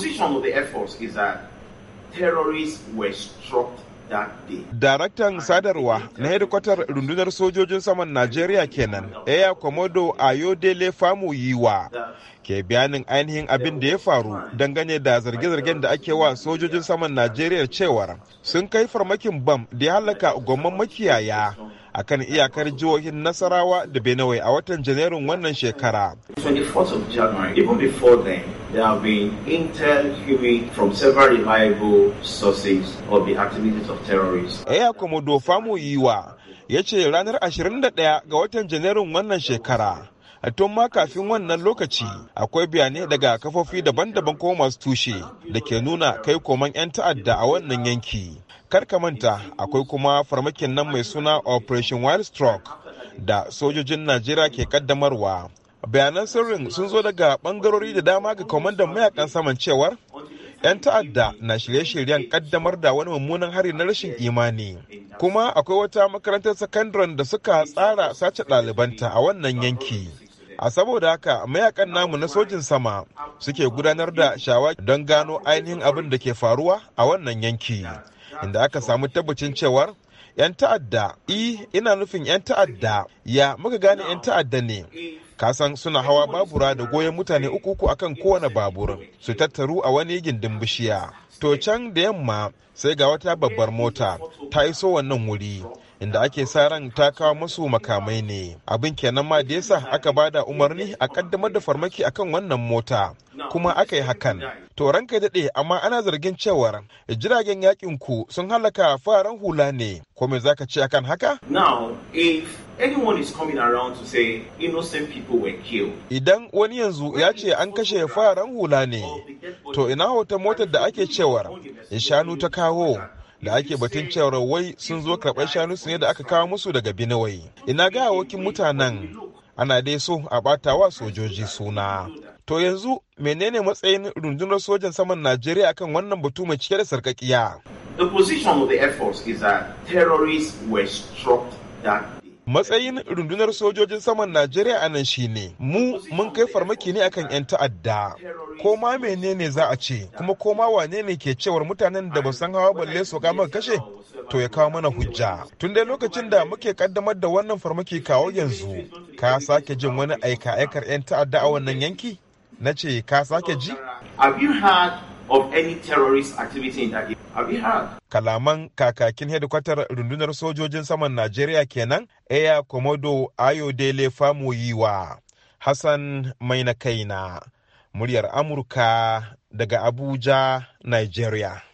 position of the Air Force is that terrorists were struck Daraktan sadarwa na hedikwatar rundunar sojojin saman Najeriya kenan, Air Komodo Ayodele Famu Yiwa, ke bayanin ainihin abin da ya faru dangane da zarge-zargen da ake wa sojojin saman Najeriya cewar sun kai farmakin bam da ya halaka gwamman makiyaya a kan iyakar jihohin Nasarawa da Benue a watan Janairun wannan shekara. There have been intel coming from several reliable sources of the activities of terrorists. Eya Komodo Famu Yiwa ya ce ranar 21 ga watan Janairun wannan shekara. a tun ma kafin wannan lokaci akwai bayanai daga kafofi daban-daban ko masu tushe da ke nuna kai koman 'yan ta'adda a wannan yanki kar ka manta akwai kuma farmakin nan mai suna operation wild stroke da sojojin najeriya ke kaddamarwa bayanan sirrin sun zo daga bangarori da dama ga kwamandan mayakan saman cewar 'yan ta'adda na shirye-shiryen kaddamar da wani mummunan hari na rashin imani kuma akwai wata makarantar sakandaren da suka tsara sace ɗalibanta a wannan yanki a saboda haka mayakan namu na sojin sama suke gudanar da shawa don gano ainihin abin da ke faruwa a wannan yanki inda aka samu tabbacin cewar 'yan ta'adda e, ina nufin 'yan ta'adda ya muka gane 'yan ta'adda ne kasan suna hawa babura da goyon mutane uku uku akan kowane babur su tattaru a wani gindin bishiya to can da yamma sai ga wata babbar mota ta iso wannan wuri inda ake sa ran ta kawo musu makamai ne abin kenan ma da yasa aka bada umarni a kaddamar da farmaki akan wannan mota kuma aka yi hakan. To ranka daɗe amma ana zargin cewar jiragen yakin ku sun halaka faran hula ne. Ko me zaka ce akan haka? Now, if anyone is coming around to say innocent people were killed. Idan wani yanzu ya ce an kashe faran hula ne, to ina hoton motar da ake cewar shanu ta kawo da ake batun cewar wai sun zo karɓar shanu su ne da aka kawo musu daga Benue. Ina ga mutanen ana dai so a ɓata wa sojoji suna. To yanzu menene matsayin rundunar sojan saman Najeriya akan wannan batu mai cike da sarkakiya? The position of the Air Force is that terrorists were struck that matsayin rundunar sojojin saman najeriya a nan ne, mu mun kai farmaki ne akan 'yan ta'adda ko ma menene za a ce kuma ko ma wane ne ke cewar mutanen da ba san hawa balle su kama kashe to ya kawo mana hujja tun dai lokacin da muke kaddamar da wannan farmaki kawo yanzu ka sake jin wani aika aikar 'yan ta'adda a wannan yanki na ce ka sake ji? of any terrorist activity Kalaman kakakin hedikwatar rundunar sojojin saman Najeriya kenan, Eya Komodo Ayodele Famoyiwa, Hassan Mainakaina, muryar Amurka daga Abuja, Nigeria.